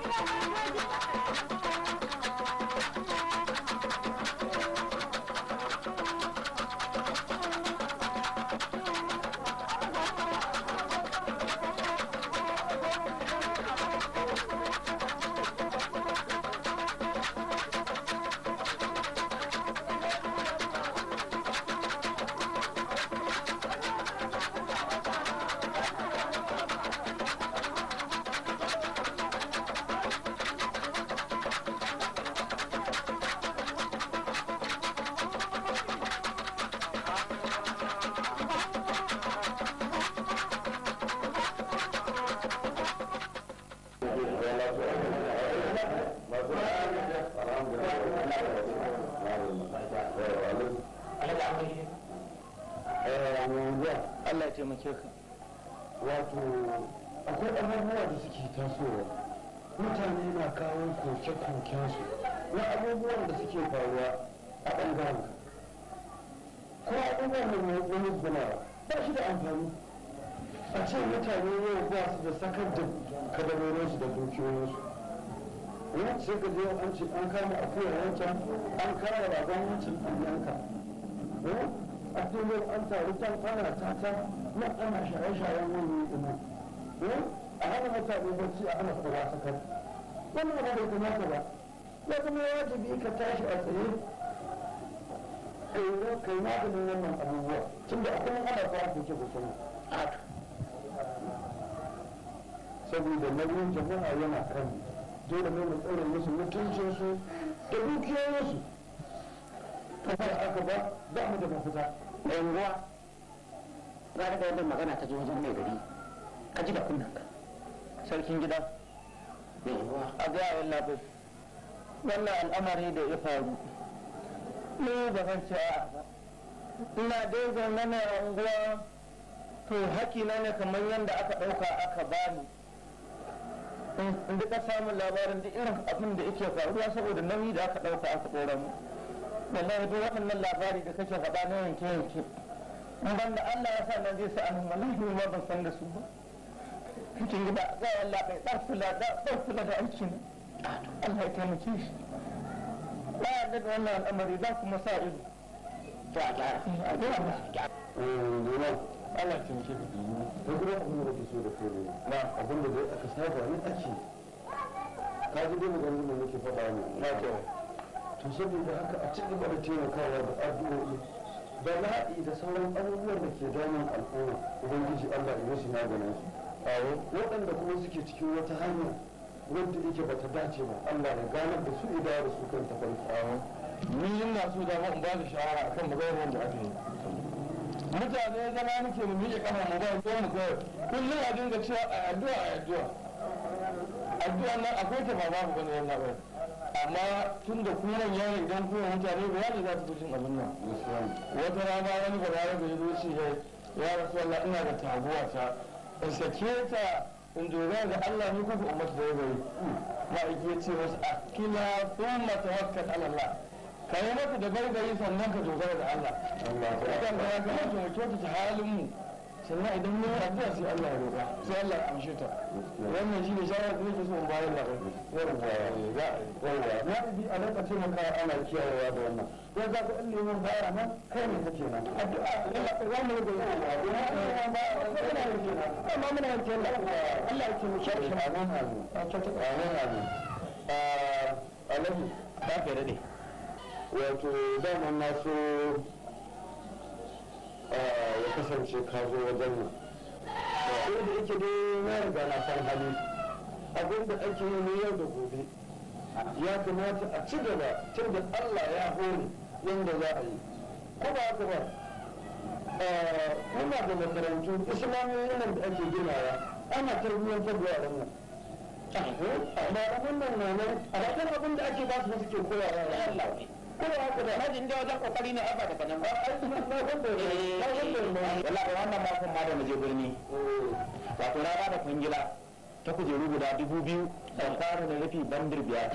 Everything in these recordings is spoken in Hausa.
¡Viva la mutane na kawo koke su na abubuwan da suke faruwa a ɓangaren ko abubuwan da mai wani gunawa ba shi da amfani a ce mutane yau ba su da sakar da su da su wani ce ka je an ce an kama a akuyar wancan an kama ragon wancan an yanka a filin an taru tan ana tata na ana shaye-shayen wani ɗinan a hana mutane bacci a ana kowa sakar wannan abu bai ta ba ko kuma wajibi ka tashi a tsaye kai kai maganin wannan abubuwa tunda akwai ana fara kuke kuke saboda nauyin jama'a yana kan dole ne mu tsare musu su da dukiyoyinsu fara aka ba ba mu da mafita za ka ga wannan magana ta zo wajen mai gari ka ji da kunnen ka sarkin gida a wannan al'amari da ya faru ni ba zan ce a ba ina dai zaune na unguwa to hakina ne kamar yadda aka ɗauka aka bani in duka samun labarin duk irin abin da yake faruwa saboda nauyi da aka ɗauka aka ɗora mu wallahi duk waɗannan labari da kake faɗa na yanke yanke banda Allah ya sa na zai sa'an wallahi ma ban san da su ba kin ga ba walla bai dar kula da dar kula da aiki ne Allah ya taimake shi ba a da wannan al'amari za kuma sa ido Ba a gyara eh, a gyara eh, Allah ya taimake ka dubu ta gudan abin da kake so da kore na abin da dai aka saba ne ake ka ji dai maganin da nake faɗa ne na kyau to saboda haka a cikin gaba da taimakawa da addu'o'i bala'i da sauran abubuwan da ke damun al'umma ubangiji Allah ya musu maganin su waɗanda kuma suke cikin wata hanya wadda yake bata dace ba Allah ya ganar da su idan da su kan tafarki ni ina so da ba da shawara akan maganar wanda aka yi mutane zama nake mu miƙe kafa mu ba ko mu kawai kullum a dinga cewa a addu'a a addu'a addu'a nan akwai ta ba babu bane wannan ba amma tun da kuma yaro idan kuma mutane ba ne za su zo abin nan wata rana wani ba ya zo shi ya rasu Allah ina da taguwa ta in sake ta in dogara da Allah ni kuka umar da yayi ma'aiki ya ce wasu akila ah, sun tawakkal ala Allah kai mata da gargayi sannan ka dogara da Allah Allah ka kamata mu kyautata halin mu sannan idan mun addu'a sai Allah roƙa sai Allah ya amshe ta wannan shi ne shawara da nake so in da ya bi a lokacin mun ana kiyayewa da wannan za ku Allah nan kai ne kake nan addu'a Allah ya shi amin amin amin amin ba ah, ka wato ya kasance ka zo wajen mu abin da yake dai na riga na san hali abin da ake yi ne yau da gobe ya kamata a ci gaba tun da Allah ya hore yadda za a yi ko ba haka ba eh, muna da makarantu islamiyyar nan da ake ginawa ana tarbiyyantar da yaran nan ba da wannan nan a abin da ake ba su suke koyawa ya Allah ko ya ku da hajin da wajen kokari ne aba da kanan ba ai na wanda ne wallahi wannan ba ma da muje birni wato na ba da kungila ta kuje rubu da dubu biyu da fara da rufi bandir biyar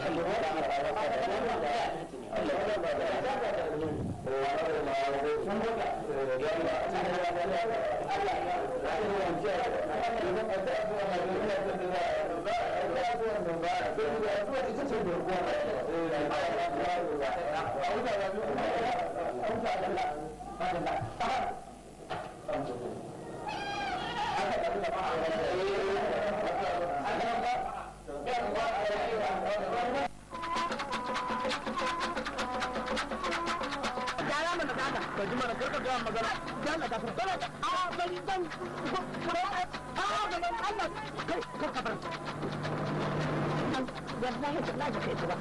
Thank you. ka ji mana karka ga magana ya Allah ka fara a ban ban a ban Allah kai karka bar wallahi wallahi kai ba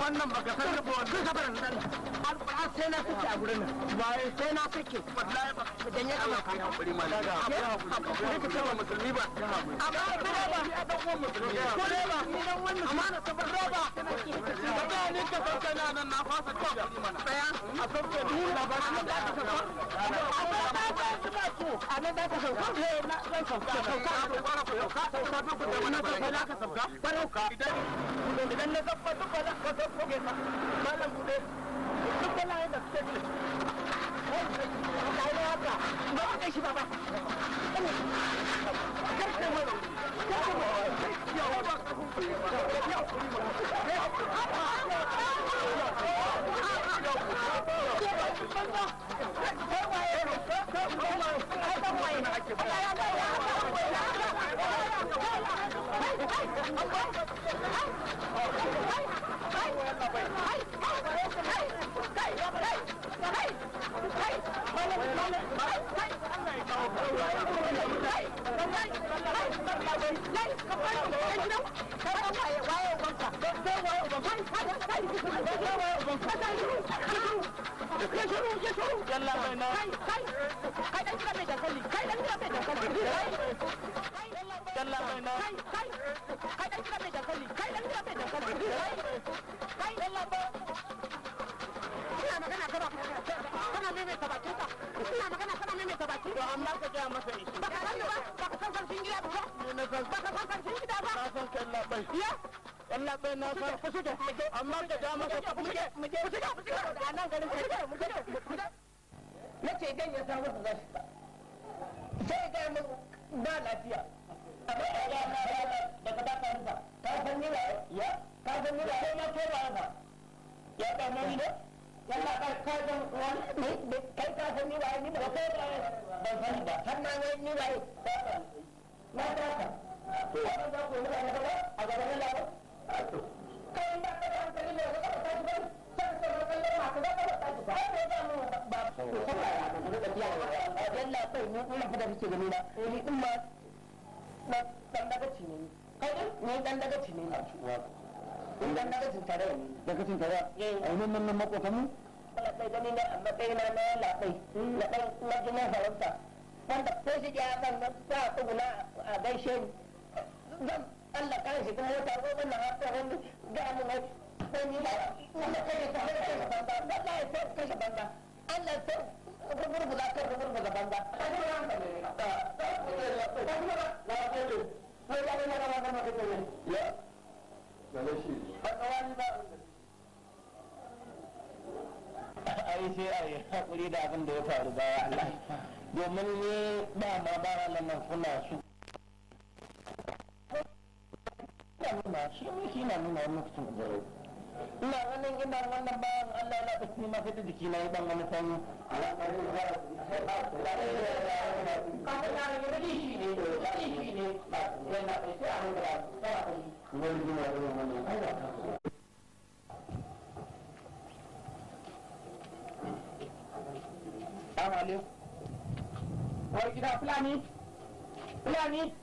wannan baka san da buwan duk sabarin nan sai na sake a gurin nan sai na sake wallahi ya kama ka hakuri hakuri musulmi ba amma ba dan uwan musulmi ba ni dan uwan musulmi roba ga ni ka san kana nan na fasa hakuri mana tsaya a sauke da ka san amma ba ba a nan da ka san ne na san ka da ka ka idan idan na tabbata duk wallahi wanda karfe mai karfe mai anlarsa gelmesen işte. Ya hadi bak, bak sen sen şimdi yap. Yemesen. Bak sen sen şimdi de bak. Nasıl sen la bay? Ya. Allah ben ne yapar? Kusuca. Anlarsa gelmesen. Kusuca. Kusuca. Kusuca. Anan gelin. Kusuca. Kusuca. Na ce dan ya samu su zashi ba. Sai ga mu ba lafiya. Amma da ya ka ya da ka ta faru ba. Ka san ni ba? Ya. Ka san ni ba? Ko ma ko ba ba. Ya ta mani ne? yalla ba ka dan wani kai ka san ni waye ni ba ko ba ban san ba na wai ni waye na ta ka to wannan za ku yi ne ba a gaban Allah ba kai ba ka san kai ne ba ka san ba san san ba kallon ma ka ba ka ba ba ba mu ba ko ba ya ka da biya yalla kai ni ina fada kike gani na ni din ma na dan daga ci ne kai ni dan daga ci ne ni dan daga cin tare ne daga cin tare a nan nan makotan mu labai gani na a matsayina na labai labai majinin farauta wanda ko shi ya ban a gaishe zan Allah kan shi kuma wata ko ga mu mai ba wanda kai ta sai Allah sai ta ta ta ta ta yi sai a yi haƙuri da abin da ya faru baya Allah domin ne ba ma ba na nan kuna su shi ne shi na nuna wani ina ganin ina wannan bayan Allah na ɗauki ma sai da jiki na yi wani sanyi Mami, mami.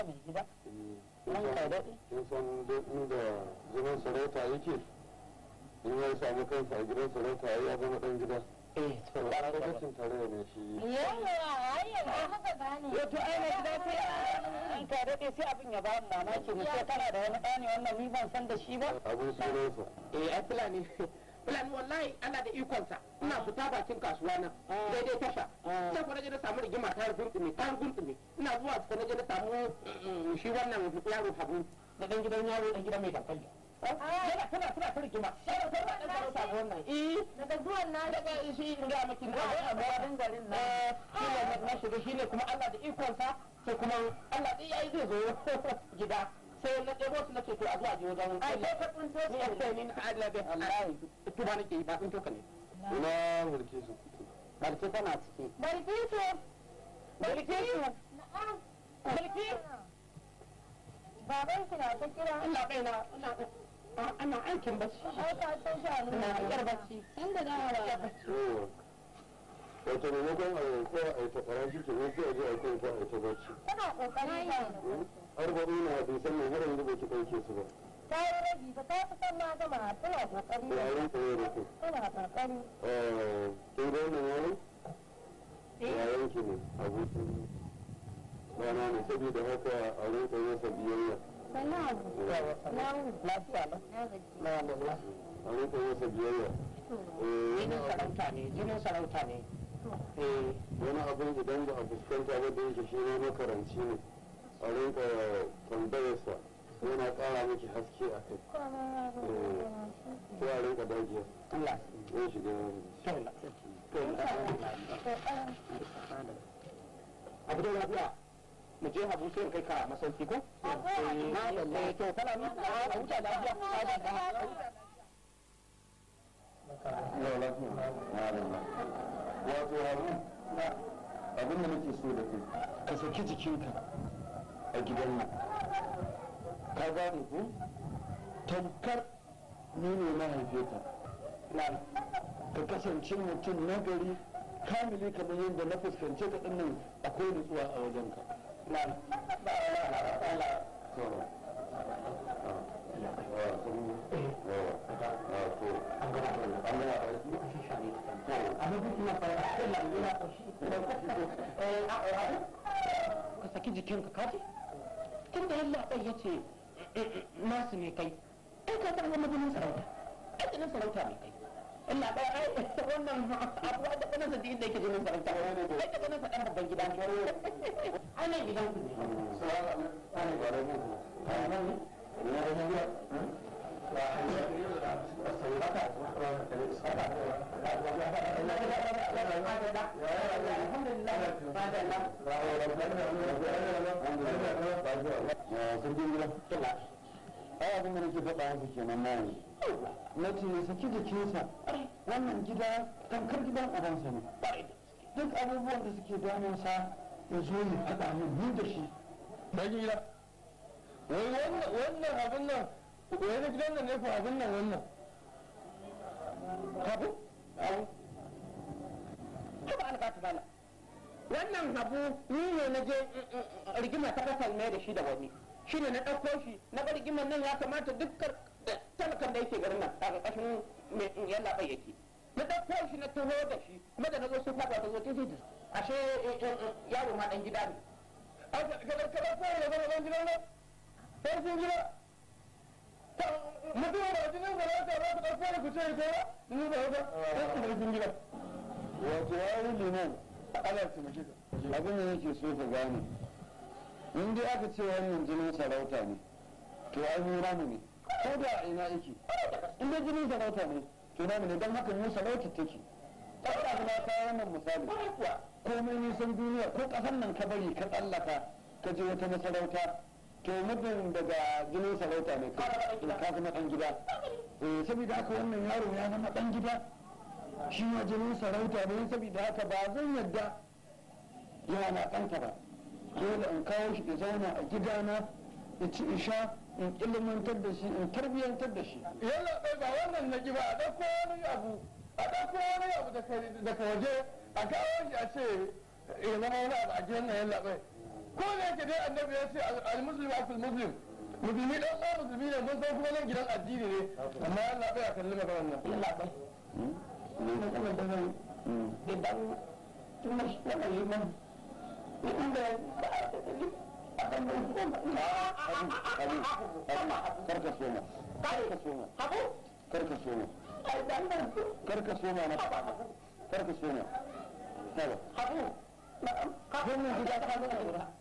haka mai gida daɗi kin san duk inda zaman sarauta yake in ya samu kansa a gidan sarauta ya zama ɗan gida eh to ba ka cin tare ne shi yawa ya to ai na gida sai an ka abin ya ba mamaki ne sai da wani ɗani ban san da ba abin eh, ai fulani wallahi ana da ikonsa ina fita bakin kasuwa na ah. daidai tasha ah. sai kuma naje na samu rigima ta gundume ta gundume ina zuwa sai naje na samu mm, shi wannan yaro habu da dan gidan yaro dan gidan mai dankali yana ah. tana tana ta rigima sai sai ba dan samu wannan eh daga zuwan na daga shi in ga miki na abin garin na eh, shi ne na shiga shi ne kuma Allah da ikonsa sai kuma Allah dai yayi zai zo gida sai na ɗebo su ai ka sai ni na Allah bai tuba yi ba ka ne ina su barke tana ciki barke su barke su barke baban na ta kira Allah bai na ana aikin bacci bacci da bacci wato a ko a ko a bacci kana kokarin arba'in na hadisan ne har ba ki ɗauke su ba. ta yi rabi ta fi san ma tana kokari. da eh, kin ga wannan eh. ki ne abokin rana ne saboda haka a rinka masa biyayya. abu. lafiya ba. na a rinka masa biyayya. Eh, jinin ne wani abin ba a fuskanta ba da yake shi ne makaranci ne. a rinka tambayarsa yana ƙara miki haske a kai eh, ko a ka masauki ko wato abin da nake so da kai ka saki jikinka a gidan nan ka gane ko tamkar ni ne na ka kasance mutum na gari kamili kamar yadda na fuskance ka nan akwai nutsuwa a wajen ka ka saki jikinka kaji? tun da yalla bai ya ce eh, eh, eh, nasu ne kai ai ka san wani jinin sarauta ai jinin sarauta ne kai Allah bai ai wannan abuwa da kana sadi inda yake jinin sarauta ai ka kana sadan babban gida ai ne gidan ku ne sallallahu alaihi wa sallam ai ne na ce saki jikinsa wannan gida gidan ne duk abubuwan da suke damunsa ya zo ya faɗa min ni da shi gida wannan abin nan wani gidan da ne fa abin nan wannan habu habu an wannan habu ni ne na je rigima ta kasal mai da shi da wani shi ne na ɗauko shi na ga rigimar nan ya kamata dukkan talakan da yake garin nan a ƙarƙashin mai yalla bai yake na ɗauko shi na taho da shi kuma da na zo sun ta zo ta zai ashe yaro ma ɗan gida ne. zama gida ne? mutum ba jinin ba za ta ba ta ƙarfi ku ce ita ni ba ta ku gida wato ya yi limon ana taimake ka abin da yake so ka gane in dai aka ce wannan jinin sarauta ne to ai mu ramu ne ko da ina yake in dai jinin sarauta ne to namu ne don haka mu sarauta take ta ta yi wannan misali komai nisan duniya ko ƙasar nan ka bari ka tsallaka ka je wata masarauta to mutum daga jinin sarauta ne ka zama dan gida eh, saboda haka wannan yaro ya zama dan gida shi ma jinin sarauta ne saboda haka ba zan yadda yana ɗanta ba dole in kawo shi da zauna a gidana in ci isha in ilimantar da shi in tarbiyyantar da shi yalla ɗai eh, ba wannan na ba a ɗauko wani abu a ɗauko wani abu daga waje a kawo shi a ce ina eh, wani abu a gidan na yalla bai ko da yake dai annabi ya ce al-muslim akul muslim musulmi dan uwa musulmi ne mun san kuma nan gidan addini ne amma Allah bai kalli maka wannan Allah bai da zan idan tun da shi wannan liman da ba a tafi akan da shi ba kali kali karka karka soma habu karka soma ai dan nan karka soma na karka soma habu na'am ka wannan gida ka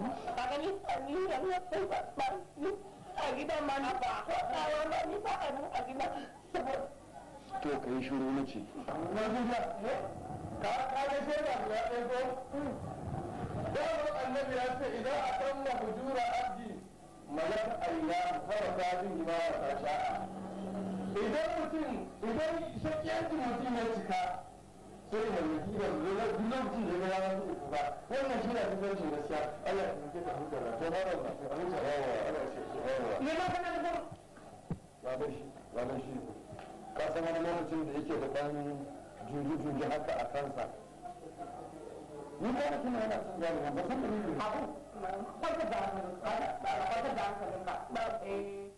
ba ka nisa ni da na sai ba ni a gida ma na ba ko tsawa ba ni ba a nan a gida to ka shuru na ce na gida eh? ka ka ga shaida ya ɗaya ko dama annabi ya ce idan a hujura abdi malaka ayyana fara ta jin wa ta sha'a idan mutum idan shakiyancin mutum ya cika sai da mai gida mai na da da su ba wannan shi gaskiya Allah ya ta to ba da ba ne ma kana da shi shi ka san wani lokacin da yake da haka a kansa ni ba da kuma yana son ba san da ni ko da ko da ba ba eh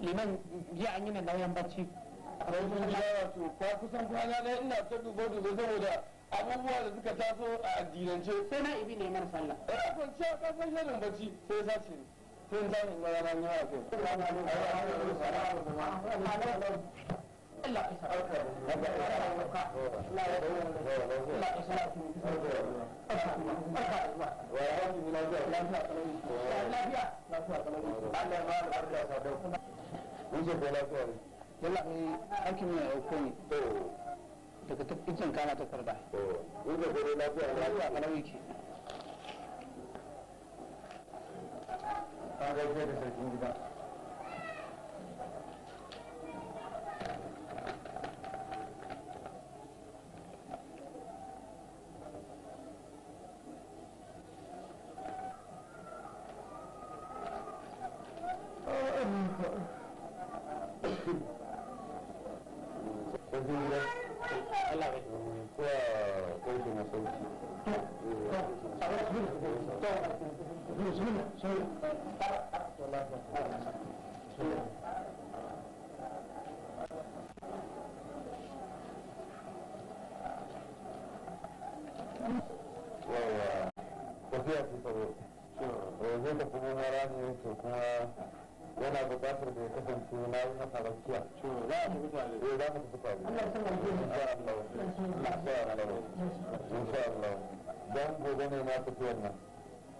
liman jiya an yi mai nauyin bacci kwa kusan kwana na ina ta dubo dubo saboda abubuwa da suka taso a addinance sai na ibi ne mar sallah ina kwanciya kasan shirin bacci sai sace ne sai in samu in ga ranar yawa kai إلا إساء لا إساء wallahi aikin mai auko ne daga ikin kama ta farda inda gode lafiya lafiya kalau yake an gaishe da sarkin gida Thank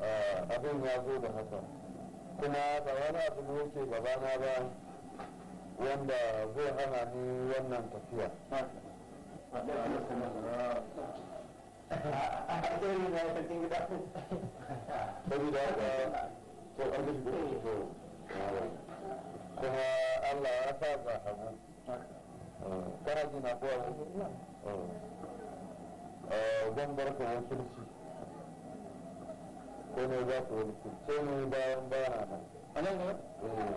abin ya zo da haka kuma ba wani abu ne yake gabana ba wanda zai hana ni wannan tafiya saboda haka to an da shi to kuma Allah ya sa ba hagu kana jina ko gwambar ka wasu komai za ku wakilce ni bayan ba nan a nan ne? Eh,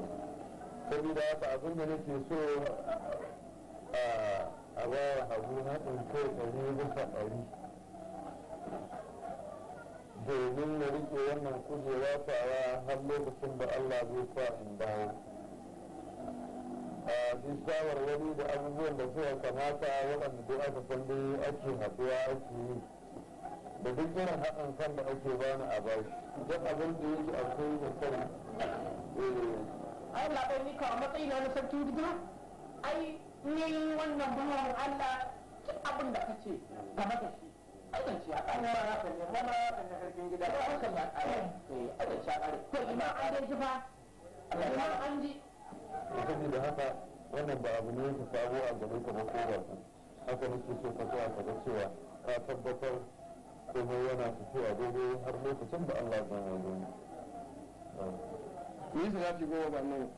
saboda haka abin da nake so a ba wa hagu haɗin kai ɗari bisa ɗari domin na rike wannan kujera fara har lokacin da Allah zai sa in dawo a bisawar wani da abubuwan da suka kamata waɗanda duk aka san dai ake haɗuwa ake yi da duk irin haɗin kan da ake bani a bashi duk abin da yake akwai da kai eh. Allah ɗan nika a matsayina na sarki gida ai ne wannan bawan Allah duk abin da kace ka mata shi aikin shi a ƙari ma ya kan nema na ya kan na karfin gida ba haka ya ƙari aikin shi a kare. to ina an dai ji fa ina an ji da haka wannan ba abu ne ya fi sabo a gare ka ba ko ba haka nake so ka kowa ka ga cewa ka tabbatar komai yana fitowa daidai har lokacin da Allah zai wani yi zafi goma ba nan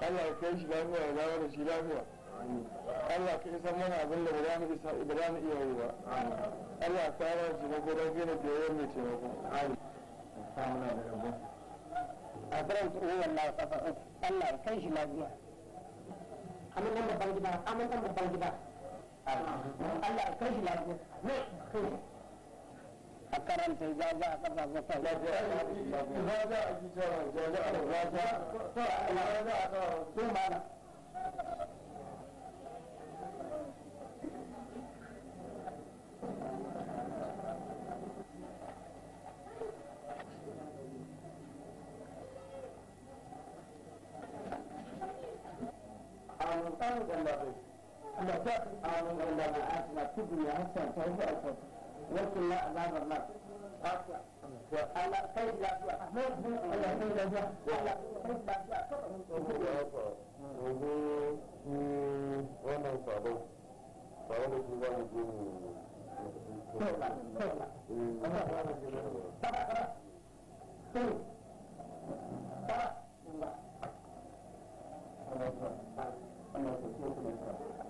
Allah ya kai shi lafiya ya dawo da shi lafiya Allah ka isa mana abin da ba mu isa ba za iya yi ba Allah ka kawo shi mako don gina biyayya mai taimako a karanta uwan Allah kafa uku Allah ya kai shi lafiya amin dan babban gida amin dan babban gida Allah ya kai shi lafiya فكرمت إذا جاء قرضك إذا جاء إذا جاء إذا جاء إذا جاء ثم أنا أنا أنا حنفاء آمن إلا ما آتنا في الدنيا حسنة وفي الآخرة وقنا عذاب النار على خير لا على خير لا وعلى خير لا wannan sabon sabon da ke za mu je mu Thank you.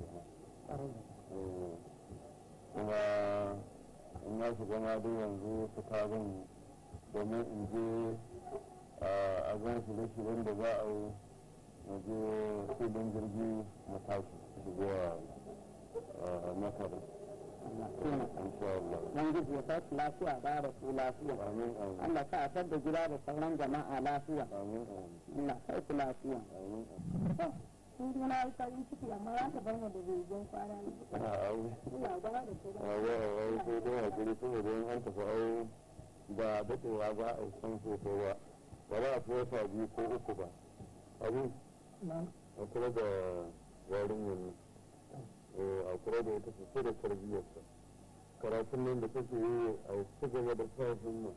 Eh, kuma in na shiga ma dai yanzu fita zan domin in je a gan shirye-shiryen da za a yi na je filin jirgi na tashi shigowa masar Ubangiji ya tashi lafiya ba su lafiya. Allah ka asar da gida da sauran jama'a lafiya. Allah kai ku lafiya. sun zo na yi farin ciki amma za ta bar mu da begen kwana ne. Ina gama da ke da. Awo awo sai dai hakuri kuma don an tafi awo ba daɗewa ba a san hoto ba ba za a fi wata biyu ko uku ba. Abu? A kula da warin yanzu. Eh, a kula da ita sosai da tarbiyyarsa. Karatun nan da take yi a ci gaba da sa himma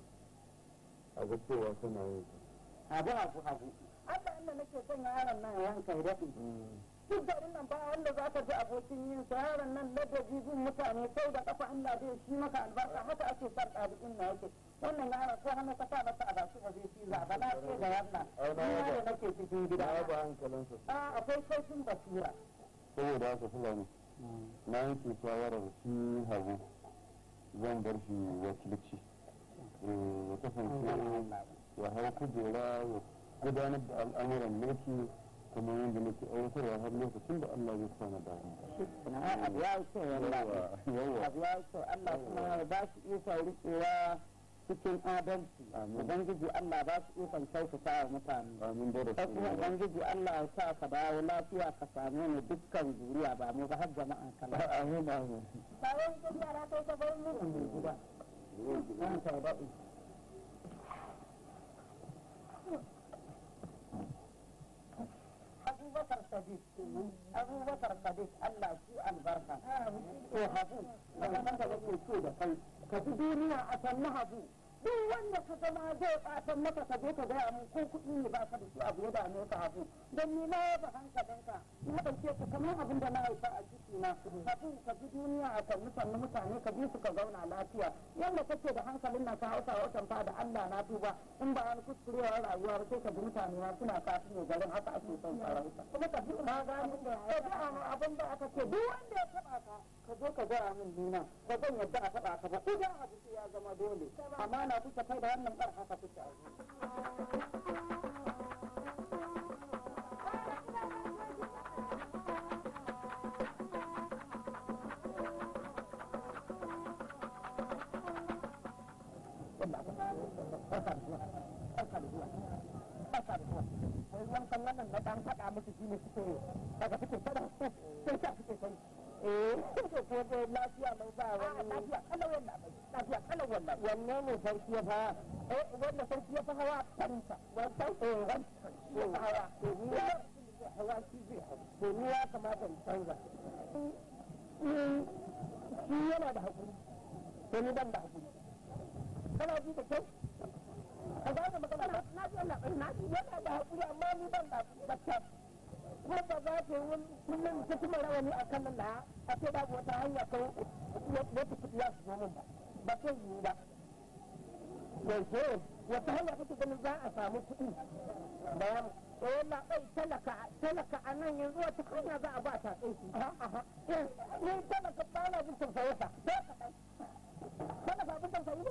a ga cewa suna yin ta. Abu abu abu. Allah inda nake son yaron nan ya hankali daɗi. Duk garin nan ba wanda za ka ji abokin yin sa yaron nan na ladabi bin mutane sai da kafa Allah zai shi maka albarka haka ake son ɗabi'in na yake. Wannan yaron ko hannu ka sa masa a ba zai ci za ba na ce da nan Ina da nake cikin gida. Na ba hankalinsa. A akwai saukin basira. Saboda haka Fulani. Na yanke shawarar shi hagu zan bar shi wakilci. Eh, ya kasance ya hau kujera ya gudanar da al'amuran mulki kuma yadda nake aiwatarwa har lokacin da Allah ya kwana da Allah kuma ba su isa cikin adalci. Ubangiji Allah ba su Amin da Allah ya sa ka lafiya ka same ni dukkan zuriya ba mu ba har Amin amin. abubakar sadiq abubakar sadiq Allah shi albarka to hafu daga nan da kake so da kai ka fi duniya a san hafu duk wanda ka zama zai fatan maka ka je ka gaya mun ko kuɗi ne ba ka da su abu da ne ka hafu don ni na yaba hankalinka na ɗauke ka kamar abin da na haifa a jikina kafin ka bi duniya a sannu sannu mutane ka bi su ka zauna lafiya yanda kake da hankalin na ka hausa watan fa da Allah na duba in ba an kuskurewar rayuwa ba sai ka bi mutane na suna kafin ne garin haka ake son sarauta kuma ka bi na gani da abin da aka ce duk wanda ya taɓa ka ka zo ka gwara min nuna ba zan yadda a taɓa ka ba idan abu ya zama dole amma na kuka kai da wannan bar haka kuka a zuwa kalan wannan abai na kalan wannan wannan ne sarki ya fa eh wannan sarki ya fa hawa kansa wannan eh wannan ya fa hawa to ni ya hawa shi zai hawa to ni ya kamata in canza shi yana da hakuri to ni ban da hakuri kana ji da kyau ka ga magana na ji na yana da hakuri amma ni ban da hakuri ko ba za ta yi kullum ta kuma rawani a kan nan a ce babu wata hanya kan wata kudi ya su zo min ba ba ta yi ba yanke wata hanya kake ganin za a samu ya bayan wala kai talaka talaka a nan yanzu wata hanya za a ba ta tsinki eh, ni talaka ba na jin tausayi sa talaka abin tausayi ne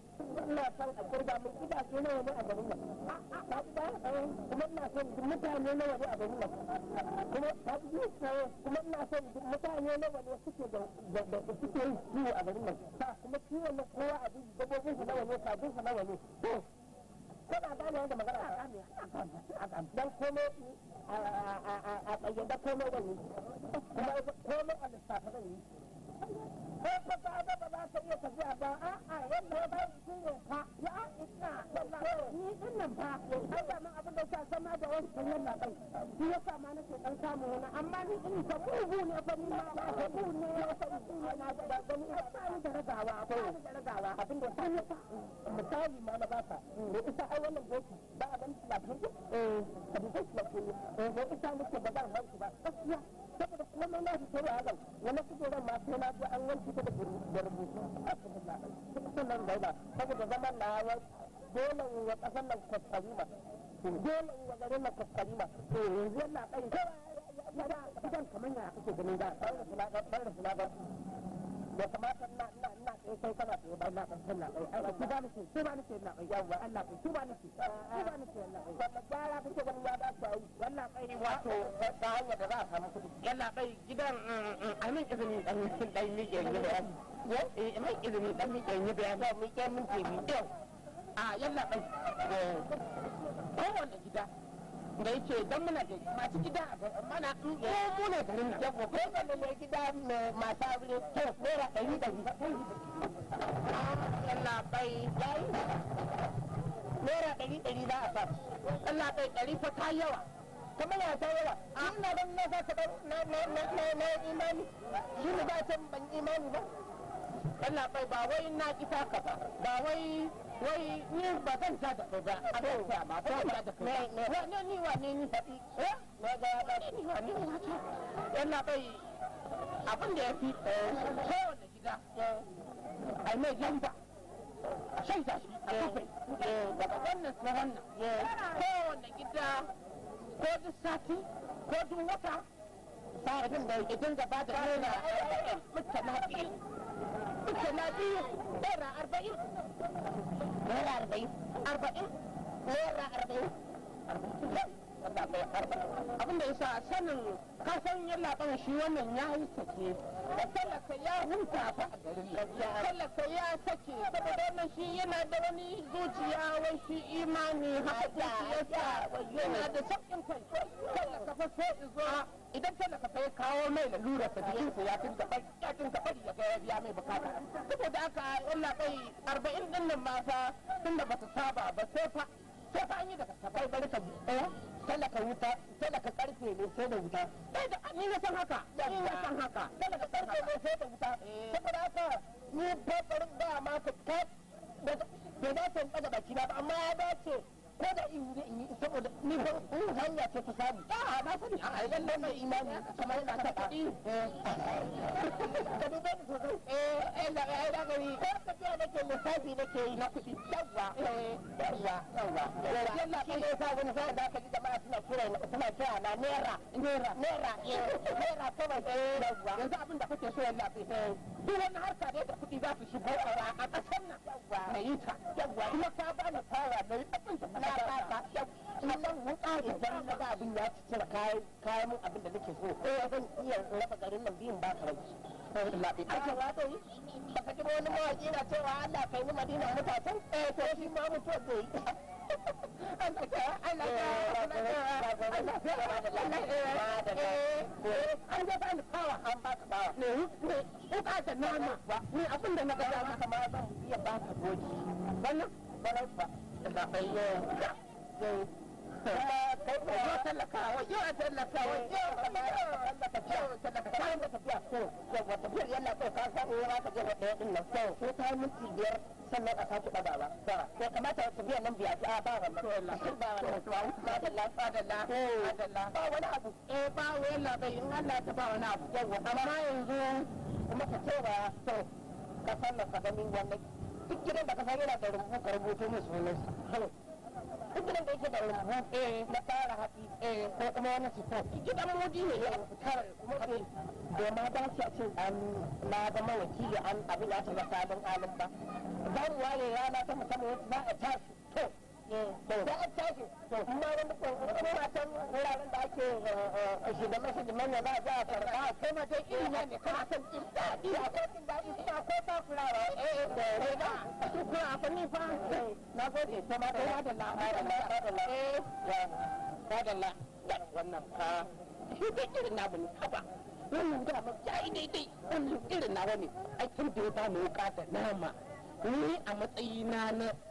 kuma ina son a kurba mun gidaje nawa ne a garin nan ta ba kuma ina son duk mutane nawa ne a garin nan kuma ta ji kuma ina son duk mutane nawa ne suke da suke a garin nan kuma na kowa a duk dabbobin su nawa ne kajin su nawa ne to kana gane yadda magana a dan a ƙayyada kuma komai a lissafa kai ba za ta iya tafiya ba a yadda ya bai ciwon ka ya ina ni din nan ba ai ba man abin da ka zama da wasu kan na bai shi yasa ma nake dan samu wani amma ni din ka bugu ne fa ni ma ka bugu ne ya fa ni ne na da da ni ba ni da ragawa ba ni da ragawa abin da ta yasa misali ma na ne isa ai wannan goki ba a ba lafiya eh ka bi goki lafiya ne isa ba zan eh. hauki ba gaskiya saboda kuma mai na fitar da hakan wani kujeran ma sai na ji an wanke ta da rubutu a cikin sannan da saboda zaman na dole in wa ƙasar nan dole in wa garin nan to yanzu yana idan kamar kake ganin da ɗan da suna kamata na na na kai kai kana ba na kan na kai ai ku ba ni ba ni na kai yawa Allah ba ni ba ni gara ya da wannan kai wato ta da za a samu kudi yana kai gidan mm, mm, mm, amin izini dan mike ne mai izini dan mike ne ba a yalla ɗai eh. kowane gida da yake don muna da masu gida mana ko mu ne garin nan yawa ko wanda mai gida mai masu aure to naira ɗari ɗari yalla bai yayi naira ɗari ɗari za a sa yalla bai ɗari fa ta yawa kamar ya ta yawa ina don na sa ka na na na na imani shi ne ba can ban imani ba yalla bai ba wai na kita ka ba ba wai wai ni ba zan ta tafi ba a bai ta ma ba zan ta da ba ne ni wa ne ni tafi eh ba ga ba ni wane ni haka eh? yana bai abin da ya fi eh, kowane gida eh. ai mai jamba a shaida shi a kufai daga wannan na wannan kowane gida ko duk sati ko duk wata ba jin da idan gaba da nuna mutane biyu mutane biyu ɗora arba'in naira arba'in arba'in naira arba'in abin da ya sa sanin kasan yalla ɓan shi wannan ya yi sake talaka ya huta fa a garin talaka ya sake saboda wannan shi yana da wani zuciya wai shi imani haka zuciyarsa yana da sauƙin kai talaka fa sai izo idan talaka fa ya kawo mai lalura sa jikin sa ya tinka bai ya tinka bai ya ga ya mai bukata saboda haka Allah bai 40 din nan mata tunda bata saba ba sai fa sai fa an yi daga ta bari ta eh talaka wuta talaka karfe ne sai da wuta sai da ni na san haka ni na san haka talaka karfe ne sai da wuta saboda haka ni ba tsarin ba ma ka ta bai dace in daga baki ba amma ya dace ko da in yi saboda ni ba in hanya ce ta samu a na sani a yan nan mai imani kamar yana ta faɗi ka duba ni sosai eh eh da ai da gari ko tafiya nake lissafi nake yi na kuɗi yawa eh yawwa yawwa yalla ka ne sa wani sa da ka ji jama'a suna kira na eh, kawai eh. yanzu abin da kake so yalla eh. duk wani harka da kuɗi za su shigo a ƙasar nan na yi ta yawwa kuma ka ba ni fara na yi abin da na ba ka wuka idan na ga abin ya ci cire kayan abin da nake so ko zan iya raba garin nan biyun ba ka rage lafi aka wato baka ji wani mawaki na cewa Allah kai ni Madina mutacin eh to shi ma mutuwa zai yi Allah ka ta abin da na ga za iya ba ka goji wajo tallaka wajo tallaka wajo tallaka tafiya so yawa tafiyar yalla ko ka samu ya ka je wadda din nan so ko ta minti biyar sannan a sake daga ba to kamata tafiyar nan biya a ba wannan ba wannan to ba dalla ba dalla ba dalla ba wani abu eh ba ba wani wannan gidan da ka san yana da rubutu ka rubuto musu wannan mutumin da yake da rabu na tsara hatsi ko kuma wani sifo gidan mudi ne ya fitar kuma ne da ma ba shi a ce an na zama wakili an abin ya ta sabon halin ba za mu ware rana ta musamman za a tashi to da an tashi ma wani matan wuraren da ake shugaban masu manya a za a kai ma dai ne kana son daɗi a kotun daɗi ba ko ta eh da ko a fa na gode to ma da la da da la eh da la wannan shi da irin ne haba wannan da wannan irin ai tun da ya ba mu nama ni a matsayina na